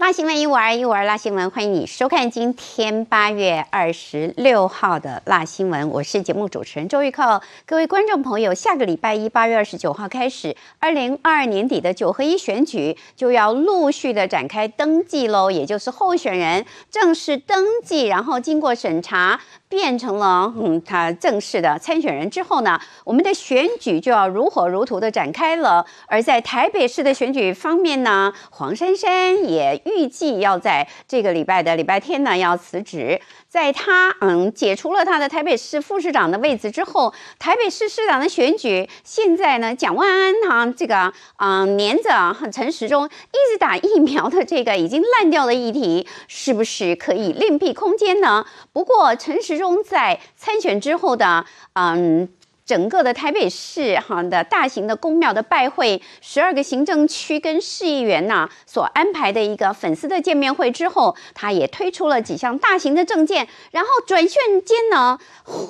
辣新聞一五二一五二辣新聞，歡迎你收看今天八月二十六號的辣新聞，我是節目主持人周玉蔻。各位觀眾朋友，下個禮拜一八月二十九號開始，二零二二年底的九合一選舉就要陸續的展開登記嘍，也就是候選人正式登記，然後經過審查。變成了，嗯，他正式的參選人之後呢，我們的選舉就要如火如荼地展開了。而在台北市的選舉方面呢，黃珊珊也預計要在這個禮拜的禮拜天呢要辭職。在他嗯，解除了他的台北市副市長的位置之後，台北市市長的選舉現在呢，蔣萬安哈、啊、這個嗯黏着陳時中一直打疫苗的這個已經爛掉的議題，是不是可以另闢空間呢？不過陳時中在參選之後的嗯。整個的台北市哈的大型的宮廟的拜會，十二個行政區跟市議員呢所安排的一個粉絲的見面會之後，他也推出了幾項大型的政見。然後轉瞬間呢，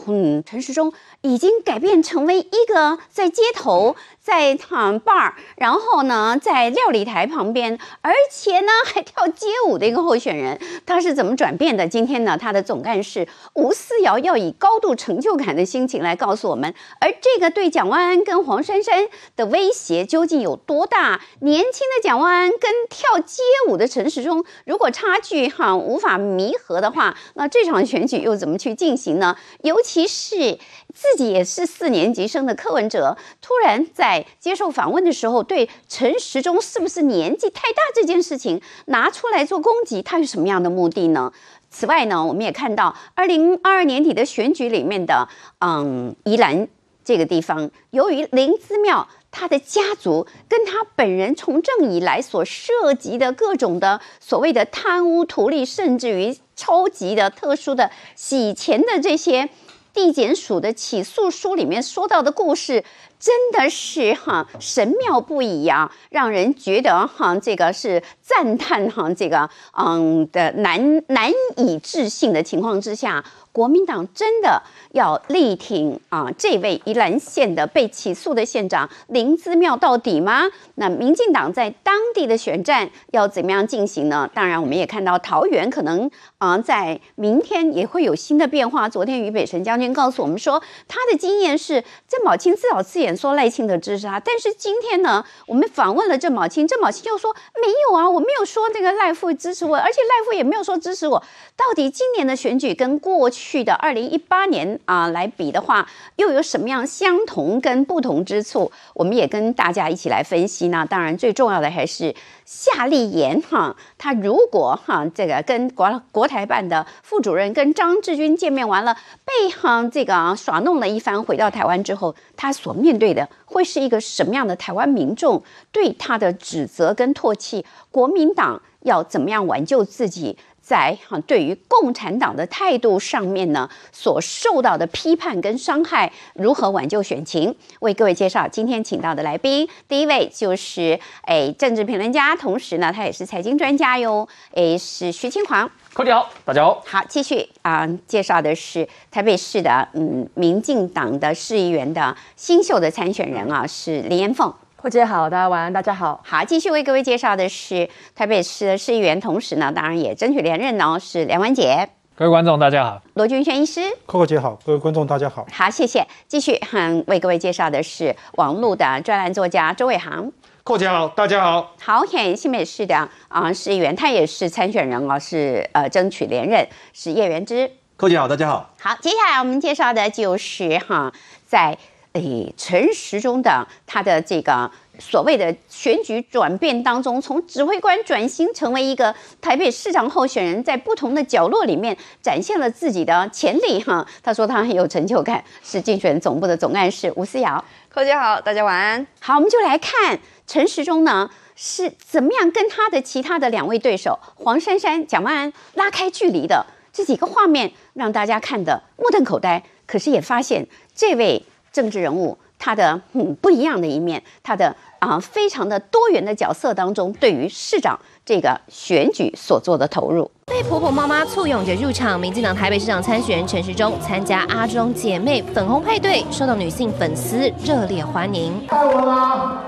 嗯，陳時中已經改變成為一個在街頭。在躺 bar，然後呢，在料理台旁邊，而且呢還跳街舞的一個候選人，他是怎麼轉變的？今天呢，他的總幹事吳思瑤要以高度成就感的心情來告訴我們。而這個對蔣萬安跟黃珊珊的威脅究竟有多大？年輕的蔣萬安跟跳街舞的陳時中，如果差距哈無法彌合的話，那這場選舉又怎麼去進行呢？尤其是自己也是四年級生的柯文哲，突然在。接受訪問的時候，對陳時中是不是年紀太大這件事情拿出來做攻擊，他有什麼樣的目的呢？此外呢，我們也看到二零二二年底的選舉裡面的，嗯，宜蘭這個地方，由於林姿妙他的家族跟他本人從政以來所涉及的各種的所謂的貪污、圖利，甚至於超級的特殊的洗錢的這些地檢署的起訴書裡面說到的故事。真的是哈神妙不已啊，讓人覺得哈這個是讚嘆哈這個嗯的難難以置信的情況之下，國民黨真的要力挺啊這位宜蘭縣的被起訴的縣長林姿妙到底嗎？那民進黨在當地的選戰要怎麼樣進行呢？當然，我們也看到桃園可能啊在明天也會有新的變化。昨天於北辰將軍告訴我們說，他的經驗是鄭寶清自導自演。說賴清德支持他，但是今天呢，我們訪問了鄭寶清，鄭寶清就說沒有啊，我沒有說這個賴副支持我，而且賴副也沒有說支持我。到底今年的選舉跟過去的二零一八年啊來比的話，又有什麼樣相同跟不同之處？我們也跟大家一起來分析呢。當然最重要的還是夏立言哈，他如果哈這個跟國國台辦的副主任跟張志軍見面完了，被哈這個啊耍弄了一番，回到台灣之後，他所面對對的，會是一個什麼樣的台灣民眾對他的指責跟唾棄？國民黨要怎麼樣挽救自己，在哈對於共產黨的態度上面呢，所受到的批判跟傷害，如何挽救選情？為各位介紹今天請到的來賓，第一位就是誒、哎、政治評論家，同時呢他也是財經專家喲、哎，誒是徐嶔煌，科長好，大家好。好，繼續啊，介紹的是台北市的嗯民進黨的市議員的新秀的參選人啊，是林延鳳。寇姐好，大家晚安。大家好，好，繼續為各位介紹的是台北市的市議員，同時呢，當然也爭取連任呢、哦，是梁文傑。各位觀眾，大家好。羅浚晅醫師，寇姐好。各位觀眾，大家好。好，謝謝。繼續，嗯、為各位介紹的是網絡的專欄作家周偉航。寇姐好，大家好。好，也新北市的啊、呃、市議員，他也是參選人哦，是呃爭取連任，是葉元之。寇姐好，大家好。好，接下來我們介紹的就是哈在。在陳時中的他的這個所謂的選舉轉變當中，從指揮官轉型成為一個台北市長候選人，在不同的角落裡面展現了自己的潛力。哈，他說他很有成就感，是競選總部的總幹事吳思瑤。蔻姐好，大家晚安。好，我們就來看陳時中呢是怎麼樣跟他的其他的兩位對手黃珊珊、蔣萬安拉開距離的。這幾個畫面讓大家看得目瞪口呆，可是也發現這位政治人物他的、嗯、不一樣的一面，他的啊、呃、非常的多元的角色當中，對於市長這個選舉所做的投入。被婆婆媽媽簇擁着入場。民進黨台北市長參選人陳時中參加阿中姐妹粉紅配對，受到女性粉絲熱烈歡迎。愛我嗎、啊？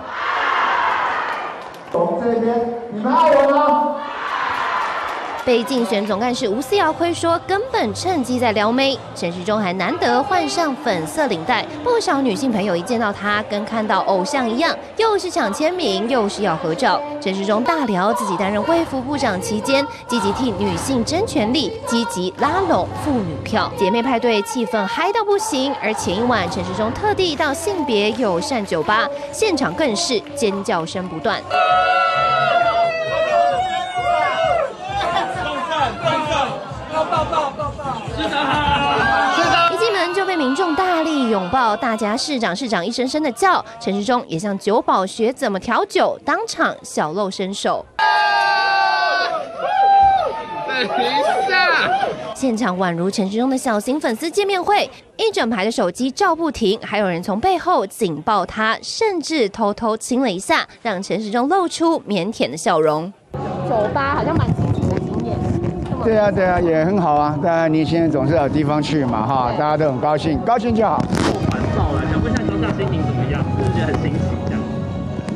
從這邊，你們愛我嗎？被競選總幹事吳思瑤虧說，根本趁機在撩妹。陳時中還難得換上粉色領帶，不少女性朋友一見到他，跟看到偶像一樣，又是搶簽名，又是要合照。陳時中大聊自己擔任衛福部長期間，積極替女性爭權利，積極拉攏婦女票。姐妹派對氣氛嗨到不行，而前一晚陳時中特地到性別友善酒吧，現場更是尖叫聲不斷。群眾大力擁抱，大家市長市長一聲聲的叫，陳時中也向酒保學怎麼調酒，當場小露身手、啊。等一下，現場宛如陳時中的小型粉絲見面會，一整排的手機照不停，還有人從背後緊抱他，甚至偷偷親了一下，讓陳時中露出靦腆的笑容。酒吧好像蠻。對啊對啊，也很好啊。大家年輕人總是有地方去嘛，哈，大家都很高興，高興就好。過完早了，小布現在早上心情怎麼樣？是不是很欣喜？這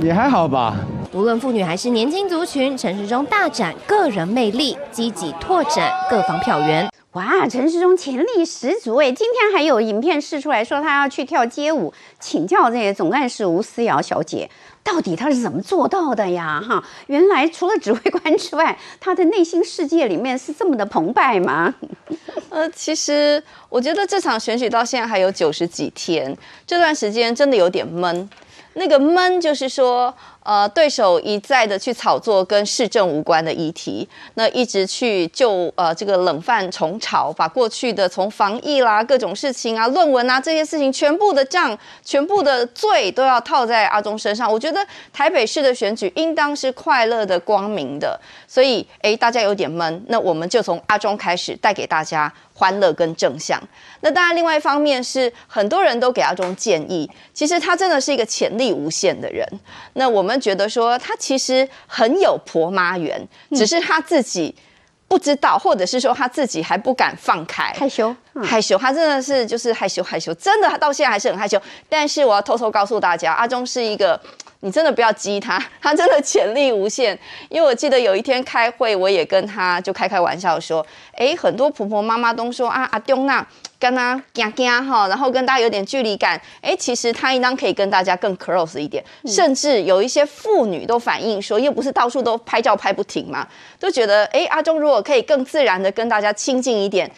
樣？也還好吧。無論婦女還是年輕族群，陳時中大展個人魅力，積極拓展各方票源。哇，陳時中潛力十足哎！今天還有影片釋出來說他要去跳街舞，請教這些總幹事吳思瑤小姐，到底他是怎麼做到的呀？哈，原來除了指揮官之外，他的內心世界裡面是這麼的澎湃嗎？呃，其實我覺得這場選舉到現在還有九十幾天，這段時間真的有點悶。那個悶就是說，呃，對手一再的去炒作跟市政無關的議題，那一直去就呃這個冷飯重炒，把過去的從防疫啦、各種事情啊、論文啊這些事情全部的賬、全部的罪都要套在阿中身上。我覺得台北市的選舉應當是快樂的、光明的，所以哎，大家有點悶，那我們就從阿中開始帶給大家，歡樂跟正向，那當然，另外一方面是很多人都給阿中建議，其實他真的是一個潛力無限的人。那我們覺得說他其實很有婆媽緣，只是他自己不知道，或者是說他自己還不敢放開，害羞，害羞，他真的是就是害羞害羞，真的到現在還是很害羞。但是我要偷偷告訴大家，阿中是一個。你真的不要激他，他真的潛力無限。因為我記得有一天開會，我也跟他就開開玩笑說，哎，很多婆婆媽媽都說啊，阿中那、啊、跟他夾夾然後跟大家有點距離感。哎，其實他應當可以跟大家更 close 一點，甚至有一些婦女都反映說，又不是到處都拍照拍不停嘛，都覺得哎，阿中如果可以更自然的跟大家親近一點。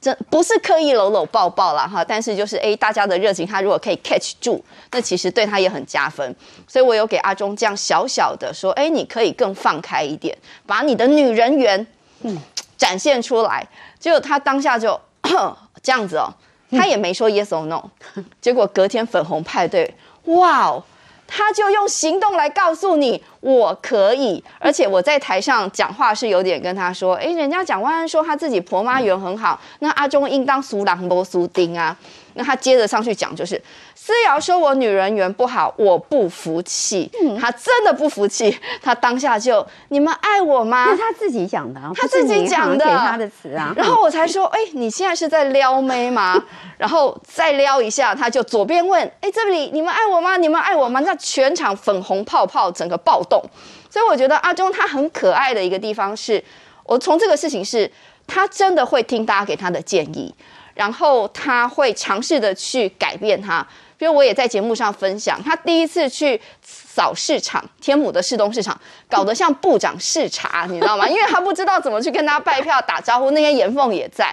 這不是刻意摟摟抱抱啦，哈，但是就是哎，大家的熱情他如果可以 catch 住，那其實對他也很加分。所以我有給阿中這樣小小的說，哎，你可以更放開一點，把你的女人緣嗯展現出來。結果他當下就咳這樣子哦，他也沒說 yes or no，結果隔天粉紅派對，哇哦！他就用行動來告訴你，我可以。而且我在台上講話是有點跟他說，哎、欸，人家蔣萬安說他自己婆媽緣很好，那阿中應當輸人不輸陣啊。那他接着上去講，就是思瑤說：“我女人緣不好，我不服氣。嗯”他真的不服氣，他當下就：“你們愛我嗎？”是他自己講的、啊，他自己講的，他的詞啊、嗯。然後我才說：“哎、欸，你現在是在撩妹嗎？” 然後再撩一下，他就左邊問：“哎、欸，這裡你們愛我嗎？你們愛我嗎？”那全場粉紅泡泡，整個暴動。所以我覺得阿中他很可愛的一個地方是，我從這個事情是他真的會聽大家給他的建議。然後他會嘗試的去改變他，比如我也在節目上分享，他第一次去掃市場，天母的市東市場，搞得像部長視察，你知道嗎？因為他不知道怎麼去跟他拜票打招呼，那些延鳳也在，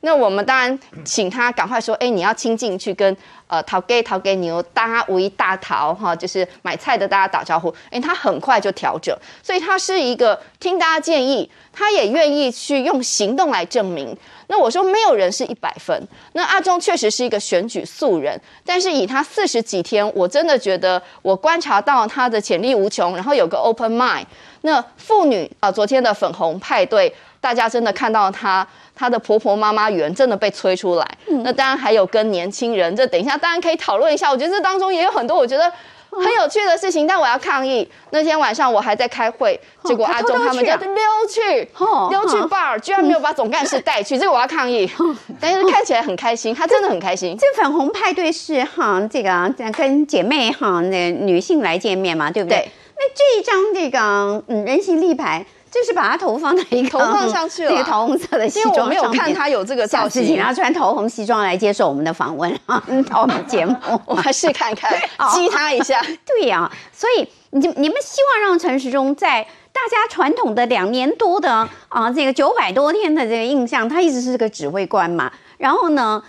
那我們當然請他趕快說，哎，你要親近去跟。呃，桃給桃給牛大家五一大桃哈，就是買菜的大家打招呼。哎、欸，他很快就調整，所以他是一個聽大家建議，他也願意去用行動來證明。那我說沒有人是一百分，那阿中確實是一個選舉素人，但是以他四十幾天，我真的覺得我觀察到他的潛力無窮，然後有個 open mind 那。那婦女啊，昨天的粉紅派對，大家真的看到她，她的婆婆媽媽緣真的被催出來。嗯、那當然還有跟年輕人，這等一下當然可以討論一下。我覺得這當中也有很多我覺得很有趣的事情，哦、但我要抗議。那天晚上我還在開會，哦、結果阿中他們就溜去、啊、溜去 bar，、哦、居然沒有把總幹事帶去、哦，這個我要抗議、哦。但是看起來很開心，哦、他真的很開心。這，這粉紅派對是哈這個跟姐妹哈那、這個、女性來見面嘛，對不對？對那這一張這個嗯人形立牌，就是把他頭放在一個投放上去了，這個桃紅色的西裝，因為我沒有看他有這個造型。好，請他穿桃紅西裝來接受我們的訪問 啊，嗯，到我們節目， 我們還是看看激 他一下。 對呀、啊，所以你你們希望讓陳時中在大家傳統的兩年多的啊、呃，這個九百多天的這個印象，他一直是個指揮官嘛。然後呢，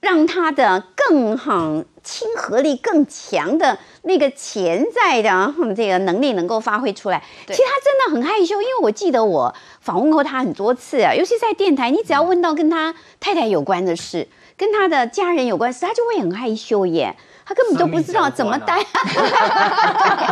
讓他的更好親和力更強的。那個潛在的這個能力能夠發揮出來。其實他真的很害羞，因為我記得我訪問過他很多次啊，尤其在電台，你只要問到跟他太太有關的事，嗯、跟他的家人有關事，他就會很害羞耶。他根本都不知道怎麼待，啊，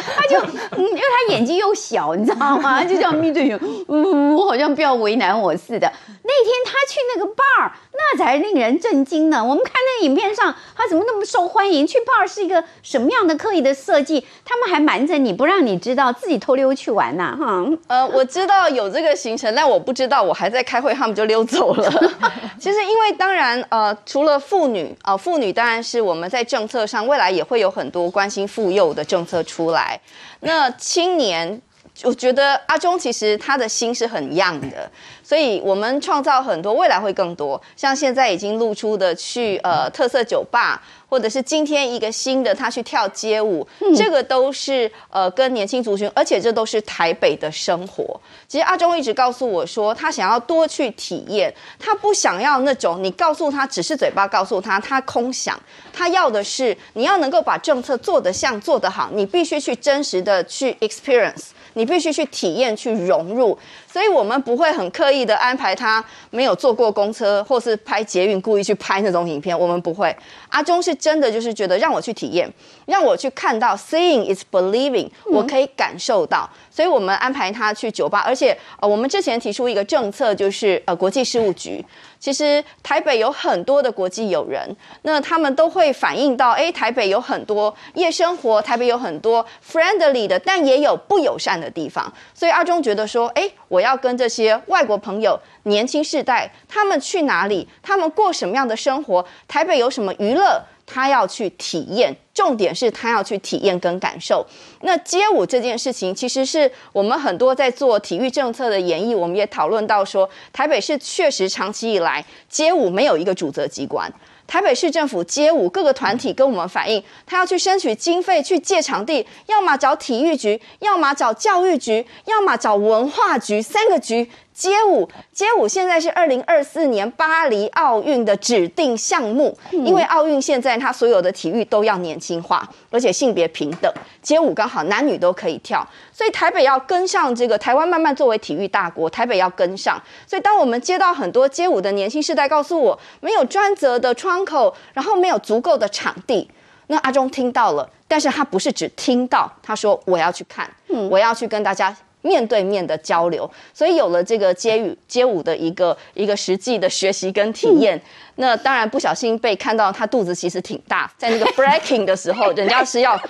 他就，嗯、因為他眼睛又小，你知道嗎？就這樣眯着眼，嗯，我好像不要為難我似的。 那天他去那個 bar，那才令人震驚呢。我們看那個影片上，他怎麼那麼受歡迎？去 bar 是一個什麼樣的刻意的設計？他們還瞞着你不讓你知道，自己偷溜去玩呢，啊？哈。呃，我知道有這個行程，但我不知道我還在開會，他們就溜走了。 其實，因為當然，呃，除了婦女，啊，呃，婦女當然是我們在政策上。未來也會有很多關心婦幼的政策出來。那青年，我覺得阿中其實他的心是很 young 的，所以我們創造很多，未來會更多。像現在已經露出的去呃特色酒吧。或者是今天一個新的他去跳街舞，嗯、這個都是呃跟年輕族群，而且這都是台北的生活。其實阿中一直告訴我說，他想要多去體驗，他不想要那種你告訴他只是嘴巴告訴他，他空想。他要的是你要能夠把政策做得像做得好，你必須去真實的去 experience，你必須去體驗去融入。所以，我們不會很刻意的安排他沒有坐過公車或是拍捷運，故意去拍那種影片。我們不會，阿中是。真的就是覺得讓我去體驗，讓我去看到，seeing is believing，我可以感受到、嗯，所以我們安排他去酒吧，而且呃，我們之前提出一個政策，就是呃國際事務局，其實台北有很多的國際友人，那他們都會反映到，誒，台北有很多夜生活，台北有很多 friendly 的，但也有不友善的地方，所以阿中覺得說，誒，我要跟這些外國朋友，年輕世代，他們去哪裡，他們過什麼樣的生活，台北有什麼娛樂。他要去體驗，重點是他要去體驗跟感受。那街舞這件事情，其實是我們很多在做體育政策的研議，我們也討論到說，台北市確實長期以來街舞沒有一個主責機關。台北市政府街舞各個團體跟我們反映，他要去爭取經費，去借場地，要麼找體育局，要麼找教育局，要麼找文化局，三個局。街舞，街舞現在是二零二四年巴黎奧運的指定項目。嗯，因為奧運現在它所有的體育都要年輕化，而且性別平等，街舞剛好男女都可以跳，所以台北要跟上這個。台灣慢慢作為體育大國，台北要跟上。所以當我們接到很多街舞的年輕世代告訴我，沒有專責的窗口，然後沒有足夠的場地，那阿中聽到了，但是他不是只聽到，他說我要去看，嗯，我要去跟大家。面對面的交流，所以有了這個街舞街舞，的一個一個實際的學習跟體驗。嗯、那當然不小心被看到，他肚子其實挺大，在那個 breaking 的時候， 人家是要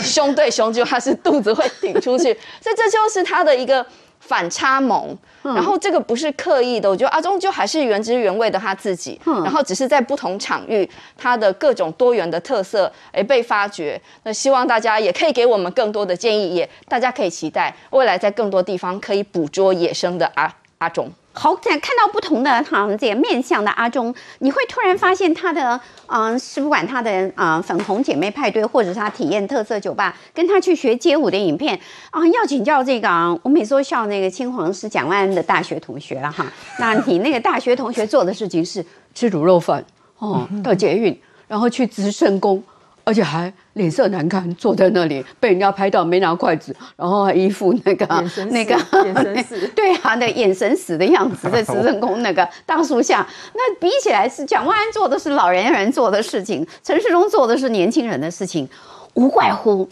胸對胸，就他是肚子會頂出去，所以這就是他的一個。反差萌，然後這個不是刻意的，我覺得阿中就還是原汁原味的他自己，然後只是在不同場域，他的各種多元的特色，哎，被發掘。那希望大家也可以給我們更多的建議，也大家可以期待未來在更多地方可以捕捉野生的阿阿中。好，看到不同的哈，這、啊、個面向的阿中，你會突然發現他的，嗯、呃，是不管他的啊、呃，粉紅姐妹派對，或者他體驗特色酒吧，跟他去學街舞的影片啊，要請教這個啊，我每次笑那個嶔煌是蔣萬安的大學同學了哈、啊，那你那個大學同學做的事情是 吃滷肉飯哦、嗯，到捷運，然後去慈聖宮。而且還臉色難看，坐在那裡被人家拍到沒拿筷子，然後一副那個那個眼神死,、那個眼神死，對啊，那眼神死的樣子，在慈聖宮那個 大樹下，那比起來是蔣萬安做的是老年人做的事情，陳時中做的是年輕人的事情，無怪乎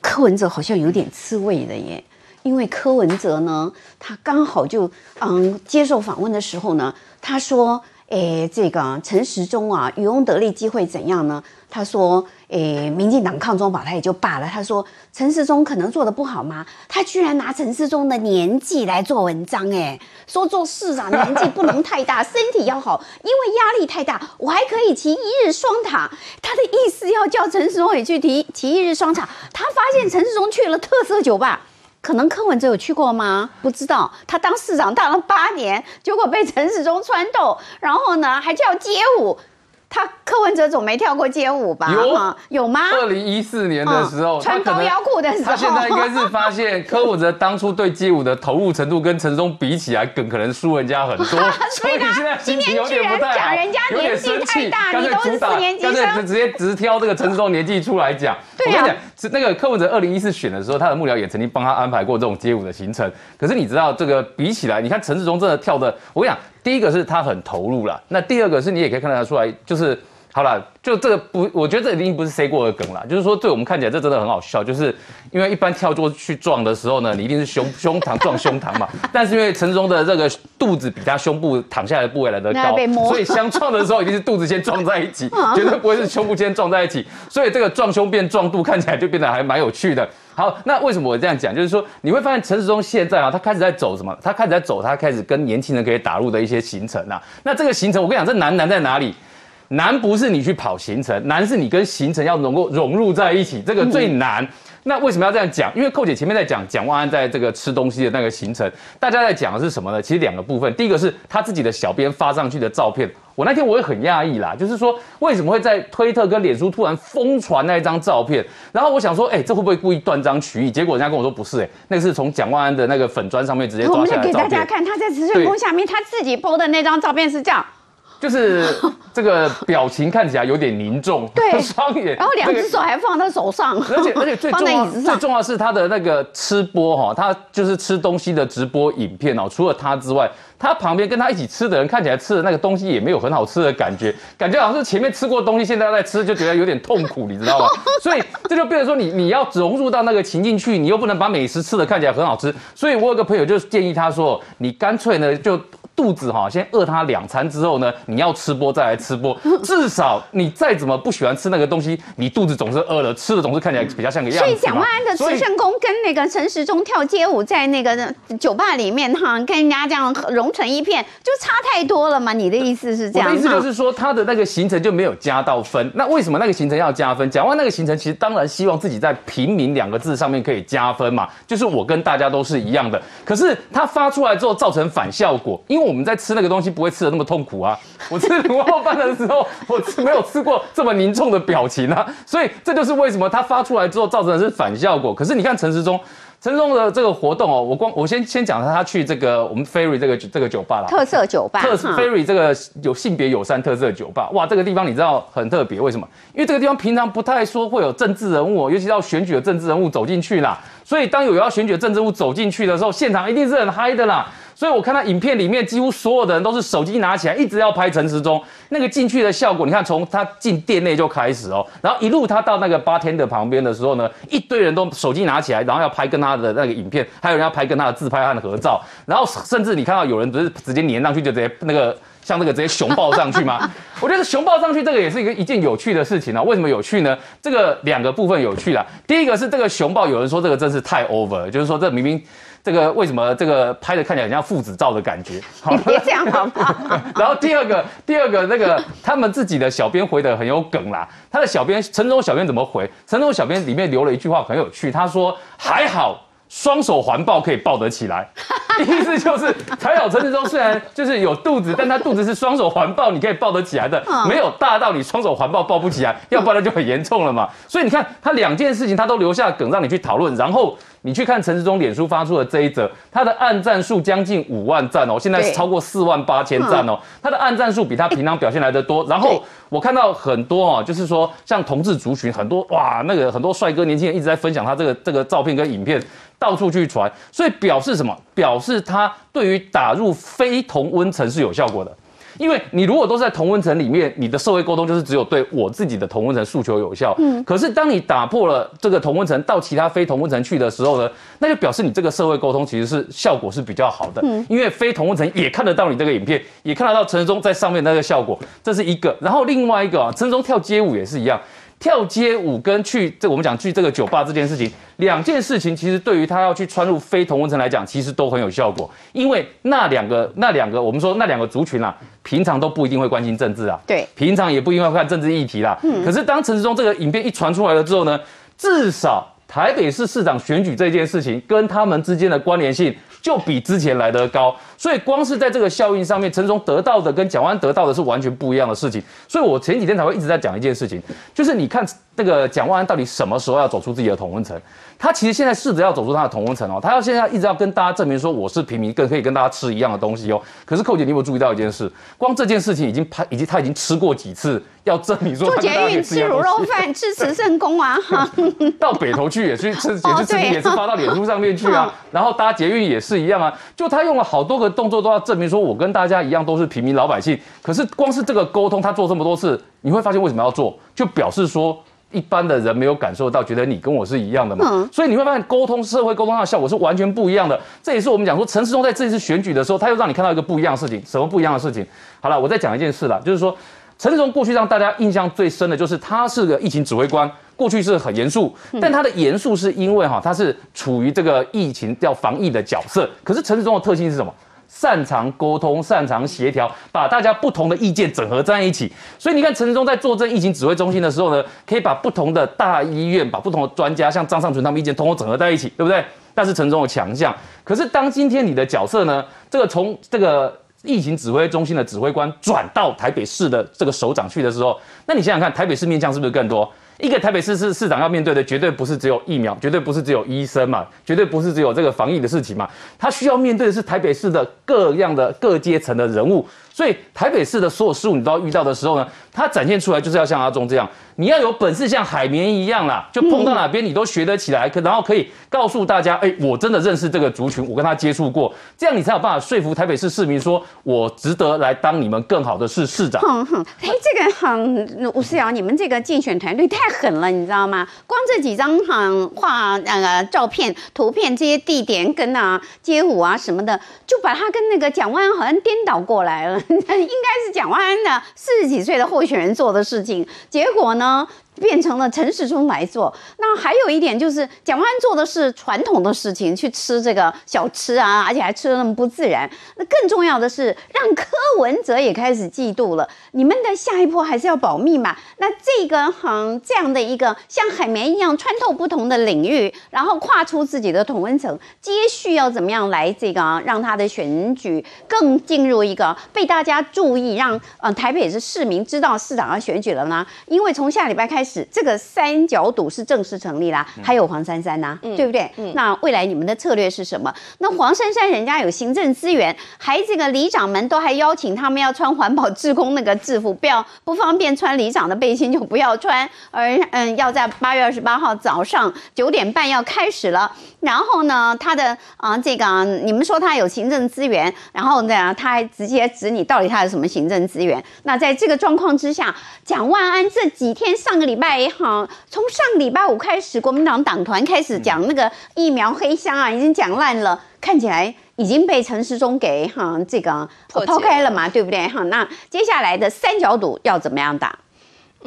柯文哲好像有點吃味的耶，因為柯文哲呢，他剛好就嗯接受訪問的時候呢，他說：“哎，這個陳時中啊，漁翁得利機會怎樣呢？”他說：“誒、欸，民進黨抗中保台也就罷了。”他說：“陳時中可能做得不好嗎？他居然拿陳時中的年紀來做文章，欸，誒，說做市長年紀不能太大，身體要好，因為壓力太大。我還可以騎一日雙塔，他的意思要叫陳時中也去騎騎一日雙塔。他發現陳時中去了特色酒吧，可能柯文哲有去過嗎？不知道。他當市長當了八年，結果被陳時中穿透，然後呢，還跳街舞。他柯文哲總沒跳過街舞吧？有嗎有嗎？二零一四年的時候、嗯、穿高腰褲的時候，他現在應該是發現柯文哲當初對街舞的投入程度跟陳時中比起來，梗可能輸人家很多。所以他，他現在心情有點不太好，今天居然講人家年紀太大，太大，你都是四年級生，有點生氣。直接直接挑這個陳時中年紀出來講、 對啊。我跟你講，那個柯文哲二零一四選的時候，他的幕僚也曾經幫他安排過這種街舞的行程。可是你知道這個比起來，你看陳時中真的跳的，我跟你講。第一個是他很投入啦，那第二個是你也可以看得出來，就是。好了，就這個不，我覺得這已經不是塞過的梗了。就是說對，對我們看起來這真的很好笑，就是因為一般跳桌去撞的時候呢，你一定是胸胸膛撞胸膛嘛。但是因為陳時中的這個肚子比他胸部躺下來的部位來得高，所以相撞的時候一定是肚子先撞在一起，絕對不會是胸部先撞在一起。所以這個撞胸變撞肚看起來就變得還蠻有趣的。好，那為什麼我這樣講？就是說你會發現陳時中現在啊，他開始在走什麼？他開始在走，他開始跟年輕人可以打入的一些行程啊。那這個行程，我跟你講，這難難在哪裡？難不是你去跑行程，難是你跟行程要融融入在一起，這個最難。嗯、那為什麼要這樣講？因為寇姐前面在講蔣萬安在這個吃東西的那個行程，大家在講的是什麼呢？其實兩個部分，第一個是他自己的小編發上去的照片。我那天我也很訝異啦，就是說為什麼會在推特跟臉書突然瘋傳那一張照片？然後我想說，哎、欸，這會不會故意斷章取義？結果人家跟我說不是、欸，誒那個、是從蔣萬安的那個粉專上面直接抓下來的。我想給大家看，他在慈翠宮下面他自己 PO 的那張照片是這樣。就是這個表情看起來有點凝重，對，雙眼，然後兩隻手還放在手上，而且而且最重要，最重要是他的那個吃播哈，他就是吃東西的直播影片哦除了他之外，他旁邊跟他一起吃的人看起來吃的那個東西也沒有很好吃的感覺，感覺好像是前面吃過東西，現在在吃就覺得有點痛苦， 你知道嗎？所以這就變成說你你要融入到那個情境去，你又不能把美食吃的看起來很好吃。所以我有個朋友就建議他說，你乾脆呢就。肚子哈、哦，先餓他兩餐之後呢，你要吃播再來吃播，至少你再怎麼不喜歡吃那個東西，你肚子總是餓了，吃的總是看起來比較像個樣子嘛。所以蔣萬安的慈聖宮跟那個陳時中跳街舞在那個酒吧裡面哈，跟人家這樣融成一片，就差太多了嘛。你的意思是這樣？我的意思就是說，他、啊、的那個行程就沒有加到分。那為什麼那個行程要加分？蔣萬安那個行程其實當然希望自己在平民兩個字上面可以加分嘛，就是我跟大家都是一樣的。可是他發出來之後造成反效果，因為。 我們在吃那個東西不會吃的那麼痛苦啊！我吃滷肉飯的時候，我沒有吃過這麼凝重的表情啊！所以這就是為什麼他發出來之後造成的是反效果。可是你看陳時中，陳時中的這個活動哦，我光我先先講他他去這個我們 Ferry 這個這個酒吧啦，特色酒吧，特色、嗯、Fairy 這個有性別友善特色酒吧。哇，這個地方你知道很特別，為什麼？因為這個地方平常不太說會有政治人物、哦，尤其到選舉的政治人物走進去啦。所以當有要選舉政治人物走進去的時候，現場一定是很嗨的啦。所以我看到影片裡面，幾乎所有的人都是手機拿起來，一直要拍陳時中那個進去的效果。你看，從他進店內就開始哦、喔，然後一路他到那個 bartender 旁邊的時候呢，一堆人都手機拿起來，然後要拍跟他的那個影片，還有人要拍跟他的自拍和合照，然後甚至你看到有人不是直接黏上去就直接那個。像那個直接熊抱上去嗎？我覺得熊抱上去這個也是一個一件有趣的事情啊。為什麼有趣呢？這個兩個部分有趣啦。第一個是這個熊抱，有人說這個真是太 over，就是說這明明這個為什麼這個拍的看起來很像父子照的感覺？好你別這樣好嗎？ 然後第二個第二個那個他們自己的小編回的很有梗啦。他的小編陳時中小編怎麼回？陳時中小編裡面留了一句話很有趣，他說還好。雙手環抱可以抱得起來，意思就是，台小，陳時中雖然就是有肚子，但他肚子是雙手環抱，你可以抱得起來的，沒有大到你雙手環抱抱抱不起來，要不然就很嚴重了嘛。所以你看他兩件事情，他都留下梗讓你去討論，然後。你去看陳時中臉書發出的這一則，他的按讚數將近五萬讚哦，現在是超過四萬八千讚哦，他的按讚數比他平常表現來得多。然後我看到很多哦，就是說像同志族群很多哇，那個很多帥哥年輕人一直在分享他這個這個照片跟影片，到處去傳，所以表示什麼？表示他對於打入非同溫層是有效果的。因為你如果都在同溫層裡面，你的社會溝通就是只有對我自己的同溫層訴求有效。嗯，可是當你打破了這個同溫層到其他非同溫層去的時候呢，那就表示你這個社會溝通其實是效果是比較好的，嗯，因為非同溫層也看得到你這個影片，也看得到陳時中在上面那個效果，這是一個。然後另外一個啊，陳時中跳街舞也是一樣。跳街舞跟去這我們講去這個酒吧這件事情，兩件事情其實對於他要去穿入非同溫層來講，其實都很有效果。因為那兩個那兩個，我們說那兩個族群啊，平常都不一定會關心政治啊，對，平常也不一定會看政治議題啦、啊。嗯，可是當陳時中這個影片一傳出來了之後呢，至少台北市市長選舉這件事情跟他們之間的關聯性，就比之前來得高，所以光是在這個效應上面，陳松得到的跟蔣萬安得到的是完全不一樣的事情。所以我前幾天才會一直在講一件事情，就是你看那個蔣萬安到底什麼時候要走出自己的同溫層，他其實現在試着要走出他的同溫層哦，他要現在要一直要跟大家證明說，我是平民，更可以跟大家吃一樣的東西哦。可是寇姐，你有沒有注意到一件事？光這件事情已經拍，已經他已經吃過幾次？要證你說坐捷運、吃滷肉飯、吃慈聖宮啊， 到北投去也去吃捷運 也，也是發到臉書上面去啊， 然後搭捷運也是一樣啊，就他用了好多個動作都要證明說，我跟大家一樣都是平民老百姓。可是光是這個溝通，他做這麼多次，你會發現為什麼要做，就表示說一般的人沒有感受到，覺得你跟我是一樣的嘛。 所以你會發現溝通社會溝通上的效果是完全不一樣的。這也是我們講說陳時中在這一次選舉的時候，他又讓你看到一個不一樣的事情，什麼不一樣的事情？好了，我再講一件事了，就是說。陳志忠過去讓大家印象最深的就是他是個疫情指揮官，過去是很嚴肅，但他的嚴肅是因為哈他是處於這個疫情要防疫的角色。可是陳志忠的特性是什麼？擅長溝通，擅長協調，把大家不同的意見整合在一起。所以你看陳志忠在坐鎮疫情指揮中心的時候呢，可以把不同的大醫院、把不同的專家，像張尚存他們意見，通過整合在一起，對不對？那是陳忠的強項。可是當今天你的角色呢？這個從這個。疫情指揮中心的指揮官轉到台北市的這個首長去的時候，那你想想看，台北市面向是不是更多？一個台北市市市長要面對的絕對不是只有疫苗，絕對不是只有醫生嘛，絕對不是只有這個防疫的事情嘛，他需要面對的是台北市的各樣的各階層的人物。所以台北市的所有事物你都要遇到的時候呢，他展現出來就是要像阿中這樣，你要有本事像海綿一樣啦，就碰到哪邊你都學得起來，可、嗯、然後可以告訴大家，哎，我真的認識這個族群，我跟他接觸過，這樣你才有辦法說服台北市市民說我值得來當你們更好的市市長。哼、嗯、哼，哎、嗯，這個哼吳思瑤，你們這個競選團隊太狠了，你知道嗎？光這幾張哼、嗯、畫那個、呃、照片、圖片這些地點跟啊街舞啊什麼的，就把他跟那個蔣萬安好像顛倒過來了。那 應該是蔣萬安的四十幾歲的候選人做的事情，結果呢變成了陳時中來做。那還有一點就是，蔣萬安做的是傳統的事情，去吃這個小吃啊，而且還吃的那麼不自然。那更重要的是，讓柯文哲也開始嫉妒了。你們的下一步還是要保密嘛？那這個很、嗯、這樣的一個像海綿一樣穿透不同的領域，然後跨出自己的同溫層，接續要怎麼樣來這個讓他的選舉更進入一個被大。大家注意讓，讓、呃、嗯台北市市民知道市長要選舉了呢？因為從下禮拜開始，這個三腳督是正式成立啦。還有黃珊珊吶，對不對、嗯？那未來你們的策略是什麼？那黃珊珊人家有行政資源，還這個里長們都還邀請他們要穿環保志工那個制服，不要不方便穿里長的背心就不要穿。而嗯，要在八月二十八號早上九點半要開始了。然後呢，他的啊、呃，這個你們說他有行政資源，然後呢，他還直接指你到底他有什麼行政資源。那在這個狀況之下，蔣萬安這幾天上個禮拜哈，從上個禮拜五開始，國民黨黨團開始講那個疫苗黑箱啊，已經講爛了，嗯，看起來已經被陳時中給哈這個拋開了嘛，對不對哈？那接下來的三腳督要怎麼樣打？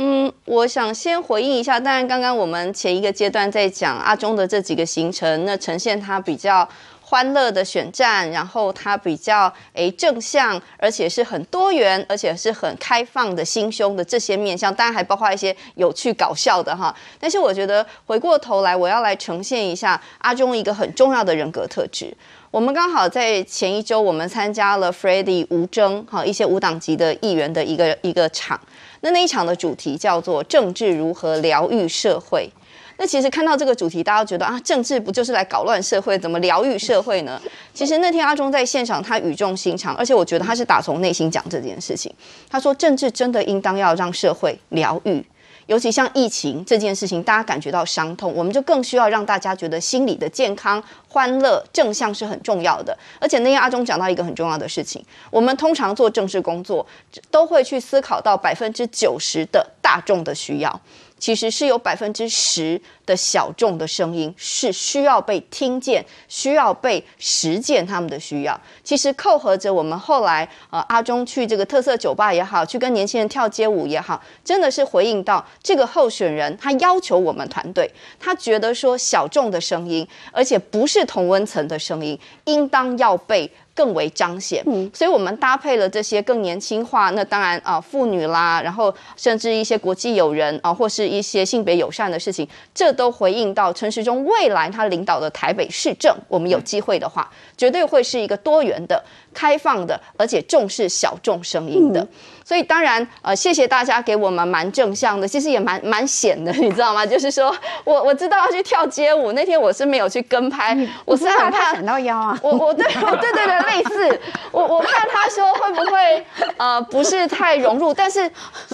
嗯，我想先回應一下。當然，剛剛我們前一個階段在講阿中的這幾個行程，那呈現他比較歡樂的選戰，然後他比較哎正向，而且是很多元，而且是很開放的心胸的這些面向。當然還包括一些有趣搞笑的哈。但是我覺得回過頭來，我要來呈現一下阿中一個很重要的人格特質。我們剛好在前一周，我們參加了 Freddy、吳崢，哈一些無黨籍的議員的一個一個場。那那一場的主題叫做“政治如何療癒社會”，那其實看到這個主題，大家覺得啊，政治不就是來搞亂社會，怎麼療癒社會呢？其實那天阿中在現場，他語重心長，而且我覺得他是打從內心講這件事情。他說：“政治真的應當要讓社會療癒。”尤其像疫情這件事情，大家感覺到傷痛，我們就更需要讓大家覺得心理的健康、歡樂、正向是很重要的。而且，那天阿中講到一個很重要的事情，我們通常做正式工作，都會去思考到百分之九十的大眾的需要。其實是有百分之十的小眾的聲音是需要被聽見、需要被實踐他們的需要。其實扣合着我們後來呃，阿中去這個特色酒吧也好，去跟年輕人跳街舞也好，真的是回應到這個候選人，他要求我們團隊，他覺得說，小眾的聲音，而且不是同溫層的聲音，應當要被。更為彰顯，所以我們搭配了這些更年輕化，那當然啊、呃，婦女啦，然後甚至一些國際友人啊、呃，或是一些性別友善的事情，這都回應到陳時中未來他領導的台北市政，我們有機會的話、嗯，絕對會是一個多元的、開放的，而且重視小眾聲音的。嗯、所以當然呃，謝謝大家給我們蠻正向的，其實也蠻蠻險的，你知道嗎？就是說我我知道要去跳街舞，那天我是沒有去跟拍，嗯、我是很怕閃到腰啊，我我對對對對。對對對 類 似 我我看他說會不會呃不是太融入，但是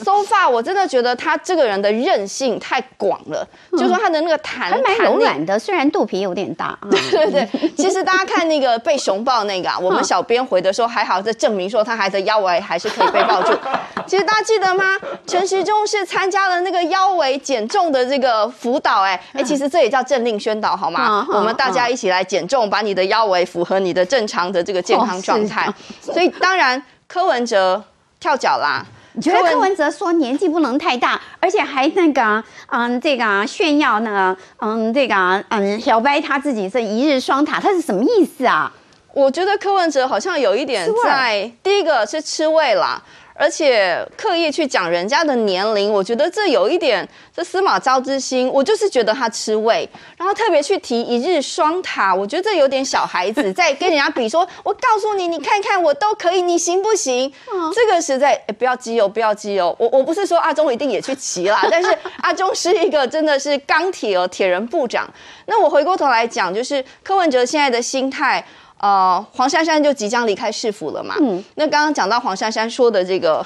so far 我真的覺得他這個人的韌性太廣了，嗯、就是、說他的那個彈彈力，還蠻柔軟的，雖然肚皮有點大。嗯、 對對對，其實大家看那個被熊抱那個啊， 我們小編回的時候還好，在證明說他還的腰圍還是可以被抱住。 其實大家記得嗎？陳時中是參加了那個腰圍減重的這個輔導、欸，哎哎，其實這也叫政令宣導好嗎？嗯、我們大家一起來減重、嗯，把你的腰圍符合你的正常的這個。健康狀態。哦啊，所以當然柯文哲跳腳啦。你覺得柯文哲說年紀不能太大，而且還那個，嗯，這個炫耀那個，嗯，這個，嗯，表白他自己是一日雙塔，他是什麼意思啊？我覺得柯文哲好像有一點在，啊，第一個是吃味啦。而且刻意去講人家的年齡，我覺得這有一點，這司馬昭之心，我就是覺得他吃味。然後特別去提一日雙塔，我覺得這有點小孩子在跟人家比說，說 我告訴你，你看看我都可以，你行不行？ 這個實在，不要激油，不要激油，哦哦。我我不是說阿中一定也去騎啦， 但是阿中是一個真的是鋼鐵哦鐵人部長。那我回過頭來講，就是柯文哲現在的心態。呃，黃珊珊就即將離開市府了嘛。嗯，那剛剛講到黃珊珊說的這個，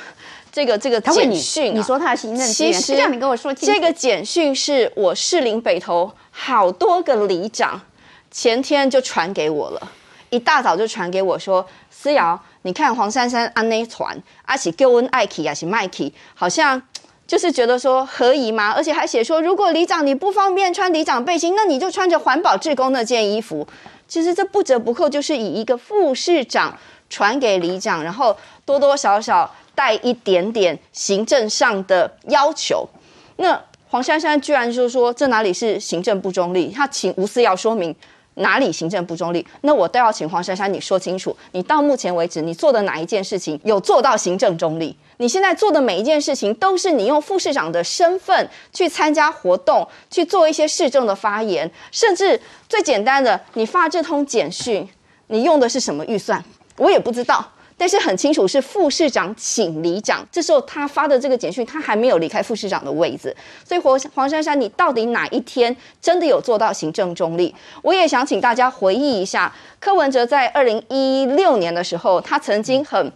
這個，這個簡訊、啊，你說他行政，其實，這樣你跟我說清楚，這個簡訊是我士林北投好多個里長前天就傳給我了，一大早就傳給我說，思瑤、嗯，你看黃珊珊阿內傳阿起，叫溫艾琪啊是，啊是麥琪，好像就是覺得說何以嘛，而且還寫說，如果里長你不方便穿里長背心，那你就穿着環保志工那件衣服。其實這不折不扣，就是以一個副市長傳給里長，然後多多少少帶一點點行政上的要求。那黃珊珊居然就說：“這哪裡是行政不中立？”他請吳思瑤說明。哪裡行政不中立，那我都要請黃珊珊你說清楚。你到目前為止，你做的哪一件事情有做到行政中立？你現在做的每一件事情，都是你用副市長的身份去參加活動，去做一些市政的發言，甚至最簡單的，你發這通簡訊，你用的是什麼預算？我也不知道。但是很清楚，是副市長請里長，這時候他發的這個簡訊，他還沒有離開副市長的位置。所以黃黃珊珊，你到底哪一天真的有做到行政中立？我也想請大家回憶一下，柯文哲在二零一六年的時候，他曾經很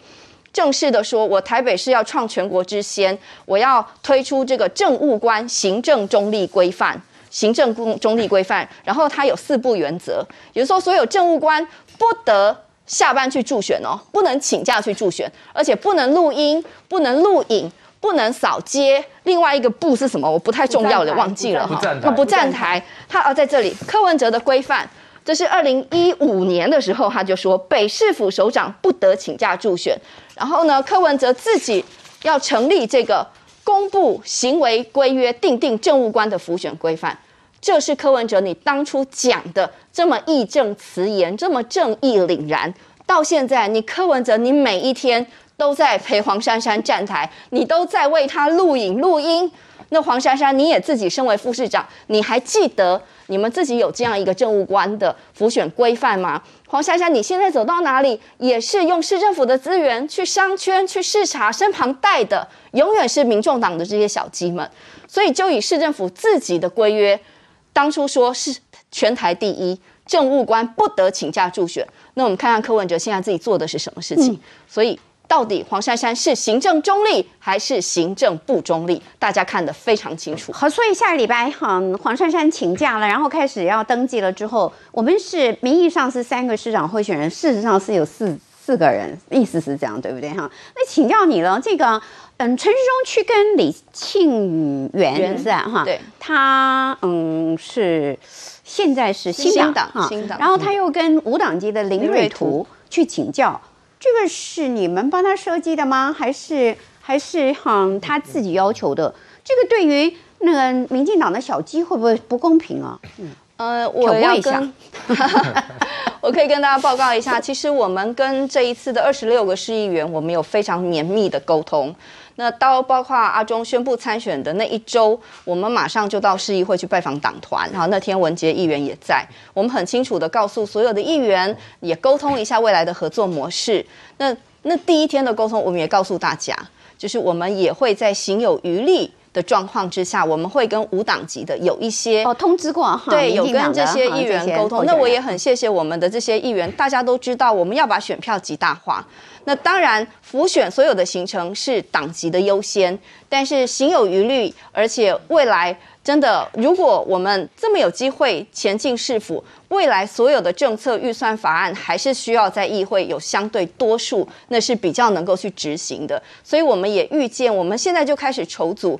正式的說，我台北市要創全國之先，我要推出這個政務官行政中立規範，行政中立規範，然後他有四不原則，也就是說所有政務官不得，下班去助選哦，不能請假去助選，而且不能錄音、不能錄影、不能掃街。另外一個不是什麼，我不太重要的忘記了哈。那不站台，不站台他哦，在這裡柯文哲的規範，這、就是二零一五年的時候，他就說北市府首長不得請假助選。然後呢，柯文哲自己要成立這個公布行為規約，訂定政務官的輔選規範。這是柯文哲，你當初講的這麼義正辭嚴，這麼正義凛然。到現在，你柯文哲，你每一天都在陪黃珊珊站台，你都在為他錄影錄音。那黃珊珊，你也自己身為副市長，你還記得你們自己有這樣一個政務官的輔選規範嗎？黃珊珊，你現在走到哪裡，也是用市政府的資源去商圈去視察，身旁帶的永遠是民眾黨的這些小雞們。所以，就以市政府自己的規約。當初說是全台第一政務官不得請假助選，那我們看看柯文哲現在自己做的是什麼事情。嗯，所以到底黃珊珊是行政中立還是行政不中立，大家看得非常清楚。好，所以下個禮拜哈，嗯，黃珊珊請假了，然後開始要登記了之後，我們是名義上是三個市長候選人，事實上是有四。四個人意思是這樣對不對哈？那請教你了，這個嗯，陳時中去跟李慶元，元是啊哈，對，他嗯是現在是新黨新黨、啊、新黨，然後他又跟無黨籍的林瑞圖去請教，這個是你們幫他設計的嗎？還是還是哈、嗯、他自己要求的？這個對於那個民進黨的小雞會不會不公平啊？嗯。呃、嗯，我要跟一下 我可以跟大家報告一下，其實我們跟這一次的二十六個市議員，我們有非常綿密的溝通。那到包括阿中宣布參選的那一周，我們馬上就到市議會去拜訪黨團，然後那天文杰議員也在，我們很清楚地告訴所有的議員，也溝通一下未來的合作模式。那那第一天的溝通，我們也告訴大家，就是我們也會在行有餘力。的狀況之下，我們會跟無黨籍的有一些哦通知過哈，對，有跟這些議員溝通、哦。那我也很謝謝我們的這些議員。大家都知道，我們要把選票極大化。那當然，輔選所有的行程是黨籍的優先，但是行有餘力。而且未來真的，如果我們這麼有機會前進市府，未來所有的政策預算法案還是需要在議會有相對多數，那是比較能夠去執行的。所以我們也預見，我們現在就開始籌組。